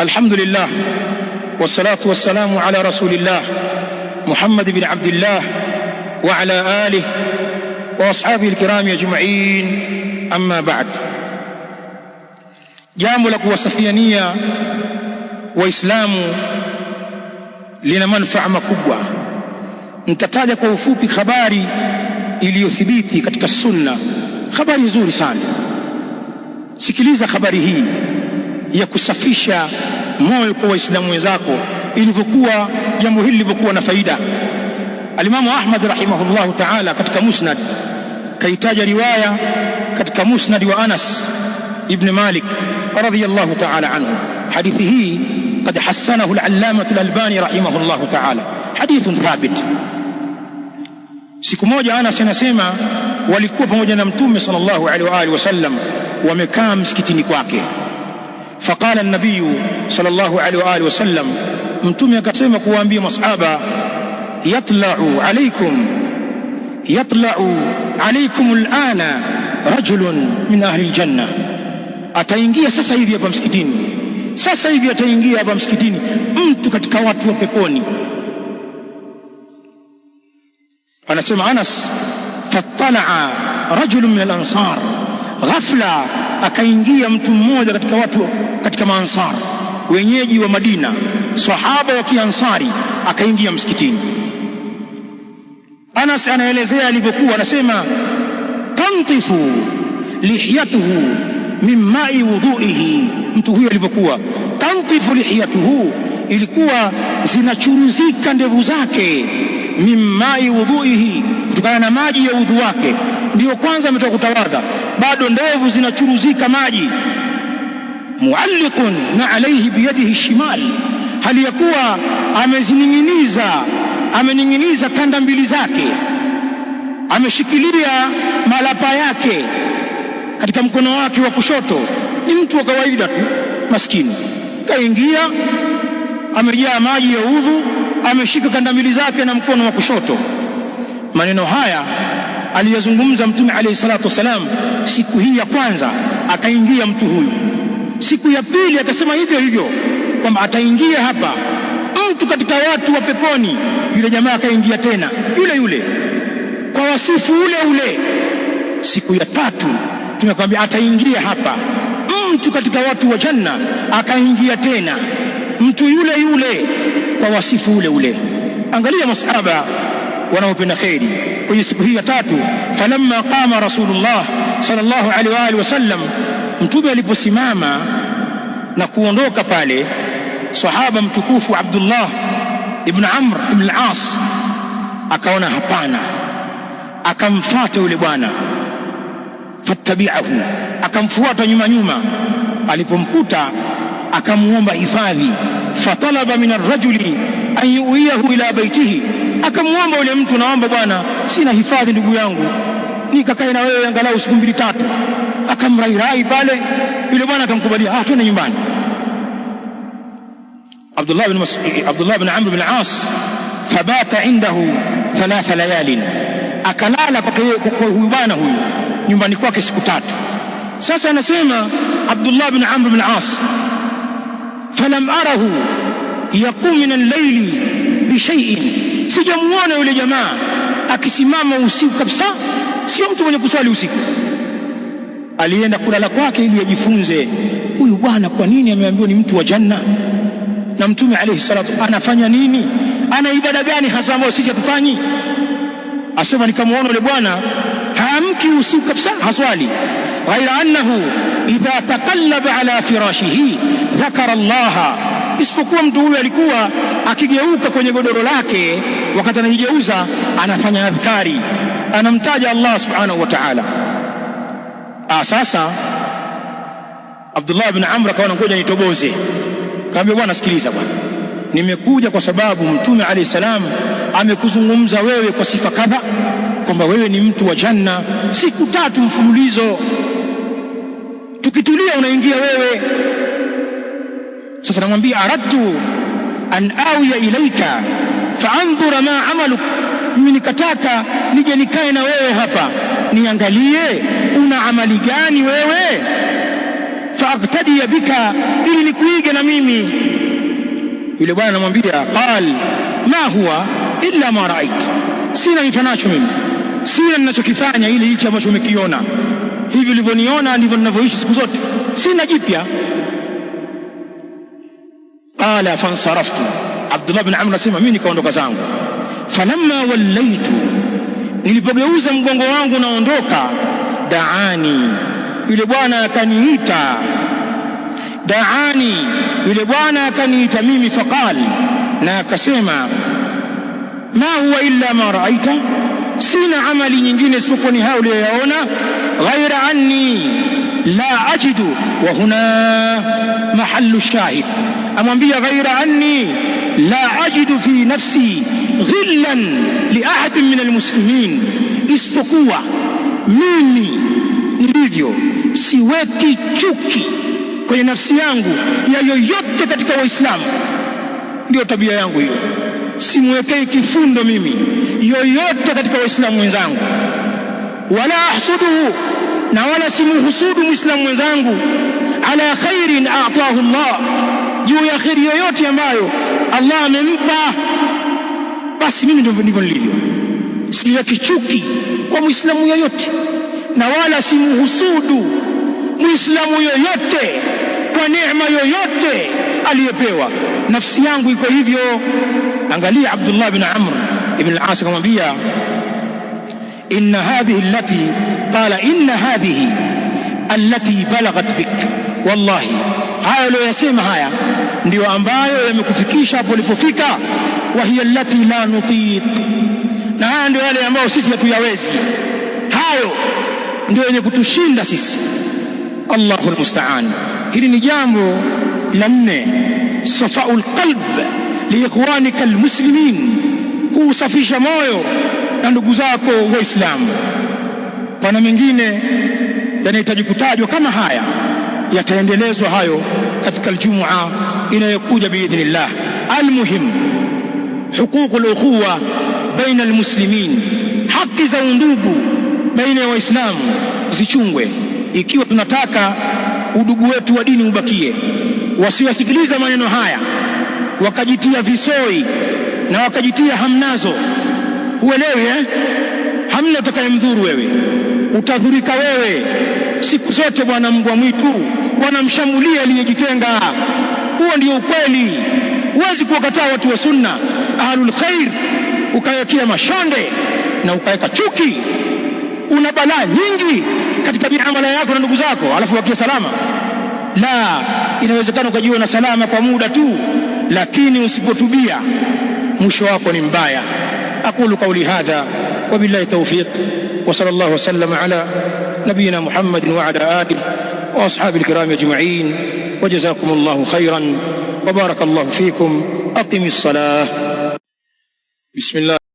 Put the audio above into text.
الحمد لله والصلاة والسلام على رسول الله محمد بن عبد الله وعلى آله وأصحابه الكرام أجمعين أما بعد جاملك وصفيانية وإسلام لنا منفع مكبوة انتتاجك وفوبك خباري إلي يثبيتي كتك السنة خباري زوري ساني سكليز خباري هي يكسفيشا moyo kwa waislamu wenzako, ilivyokuwa jambo hili lilivyokuwa na faida. Alimamu Ahmad rahimahullahu taala katika musnad kaitaja riwaya katika musnad wa Anas ibn Malik radhiyallahu taala anhu. Hadithi hii kad hassanahu al-allamatu al-Albani rahimahullahu taala, hadithun thabit. Siku moja Anas anasema walikuwa pamoja na Mtume sallallahu alaihi wa alihi wasallam wamekaa msikitini kwake faqala nabiyu sallallahu alaihi wa alihi wasallam, mtume akasema kuwaambia masahaba, yatlau alaikum yatlau alaikum alana rajulun min ahli aljanna, ataingia sasa hivi hapa msikitini, sasa hivi ataingia hapa msikitini mtu katika watu wa peponi. Anasema Anas, fattalaa rajulun min alansar ghafla akaingia mtu mmoja katika watu katika maansar wenyeji wa Madina, sahaba wa Kiansari, akaingia msikitini. Anas anaelezea alivyokuwa, anasema tantifu lihyatuhu min mai wudhuihi, mtu huyo alivyokuwa tantifu lihyatuhu, ilikuwa zinachuruzika ndevu zake min mai wudhuihi, kutokana na maji ya udhu wake. Ndiyo kwanza ametoka kutawadha, bado ndevu zinachuruzika maji. Mualliqun na alaihi biyadihi shimal, hali ya kuwa amezining'iniza, amening'iniza kanda mbili zake, ameshikilia malapa yake katika mkono wake wa kushoto. Ni mtu wa kawaida tu maskini, kaingia amejaa maji ya udhu ameshika kandambili zake na mkono wa kushoto. Maneno haya aliyozungumza Mtume alayhi salatu wassalam siku hii ya kwanza, akaingia mtu huyu. Siku ya pili akasema hivyo hivyo kwamba ataingia hapa mtu katika watu wa peponi. Yule jamaa akaingia tena, yule yule kwa wasifu ule ule. Siku ya tatu tumekwambia ataingia hapa mtu katika watu wa janna, akaingia tena mtu yule yule kwa wasifu ule ule. Angalia masahaba wanaopenda kheri kwenye siku hii ya tatu, falamma qama rasulullah sallallahu alaihi wa alihi wasallam, mtume aliposimama na kuondoka pale, sahaba mtukufu Abdullah ibn Amr ibn al-As akaona hapana, akamfuata yule bwana fattabi'ahu, akamfuata nyuma nyuma, alipomkuta akamuomba hifadhi fatalaba min arrajuli an yuwiyahu ila baitihi, akamwomba yule mtu, naomba bwana, sina hifadhi ndugu yangu, nikakae na wewe angalau siku mbili tatu. Akamrairai pale, yule bwana akamkubalia, ah, twende nyumbani. Abdullah bin Abdullah bin Amr bin As fabata indahu thalatha layalin, akalala kwa huyu bwana huyu nyumbani kwake siku tatu. Sasa anasema Abdullah bin Amr bin As falam arahu yaqumu min al-layli shay'in, sijamuona yule jamaa akisimama usiku kabisa. Sio mtu mwenye kuswali usiku, alienda kulala kwake ili ajifunze huyu bwana kwa nini ameambiwa ni mtu wa janna, na mtume alayhi salatu anafanya nini, ana ibada gani hasa ambayo sisi hatufanyi. Asema nikamwona yule bwana haamki usiku kabisa, haswali ghaira annahu idha taqallaba ala firashihi dhakara llaha isipokuwa mtu huyu alikuwa akigeuka kwenye godoro lake wakati anajigeuza anafanya adhkari, anamtaja Allah subhanahu wa ta'ala. Ah, sasa Abdullah ibn Amr akaona ngoja nitoboze, kaambia bwana, sikiliza bwana, nimekuja kwa sababu Mtume alayhi salam amekuzungumza wewe kwa sifa kadha, kwamba wewe ni mtu wa janna siku tatu mfululizo, tukitulia unaingia wewe sasa namwambia aradtu an awiya ilaika faandhura ma amaluk, mimi nikataka nije nikae na wewe hapa niangalie una amali gani wewe, faaqtadiya bika, ili nikuige na mimi. Yule bwana namwambia qal ma huwa illa ma raait, sina nifanacho mimi, sina ninachokifanya ile hicho ambacho umekiona. Hivi ulivyoniona ndivyo ninavyoishi siku zote, sina jipya. قال فانصرفت عبد الله بن عمرو نسمع مين كاوندوكا زانغو فلما وليت نلبغوزا مغونغو وانغو ناوندوكا دعاني إلى بوانا كانييتا دعاني إلى بوانا كانييتا ميمي فقال نا كاسيما ما هو الا ما رايت سين عملي نينجيني سبقوني هاولي هنا غير عني لا اجد وهنا محل الشاهد amwambia ghaira anni la ajidu fi nafsi ghillan li ahadin min almuslimin, isipokuwa mimi nilivyo siweki chuki kwenye nafsi yangu ya yoyote katika Waislamu. Ndiyo tabia yangu hiyo, simwekei kifundo mimi yoyote katika Waislamu wenzangu, wala ahsuduhu, na wala simuhusudu Mwislamu mwenzangu ala khairin atahu Allah juu ya kheri yoyote ambayo Allah amempa, basi mimi ndivyo ndivyo nilivyo. Siweki chuki kwa mwislamu yoyote na wala simuhusudu mwislamu yoyote kwa neema yoyote aliyepewa. Nafsi yangu iko hivyo. Angalia Abdullah bin Amr ibn al-As akamwambia, inna hadhihi allati qala inna hadhihi allati balaghat bik wallahi haya aliyoyasema haya ndiyo ambayo yamekufikisha hapo ulipofika, wa hiya allati la nutiq, na haya ndio yale ambayo sisi hatuyawezi. Hayo ndio yenye kutushinda sisi, Allahu almusta'an. Hili ni jambo la nne, safau lqalb liikhwanika almuslimin, kuusafisha moyo na ndugu zako Waislamu. Pana mengine yanahitaji kutajwa kama haya yataendelezwa hayo katika Ijumaa inayokuja biidhnillah. Almuhim, huququl ukhuwa baina almuslimin, haki za undugu baina ya Waislamu zichungwe, ikiwa tunataka udugu wetu wa dini ubakie. wasiyasikiliza maneno haya wakajitia visoi na wakajitia hamnazo. Huelewi eh? Hamna utakayemdhuru wewe, utadhurika wewe siku zote. Bwana mbwa mwitu wanamshambulia aliyejitenga. Huo ndio ukweli, huwezi kuwakataa watu wa Sunna, ahlul khair, ukawekea mashonde na ukaweka chuki. Una balaa nyingi katika miamala yako na ndugu zako, alafu wakia salama la inawezekana ukajiwa na salama kwa muda tu, lakini usipotubia mwisho wako ni mbaya. Aqulu qauli hadha wa billahi tawfiq wa sallallahu wasallam ala nabiyina Muhammadin wa ala alihi وأصحاب الكرام أجمعين وجزاكم الله خيرا وبارك الله فيكم أقم الصلاة بسم الله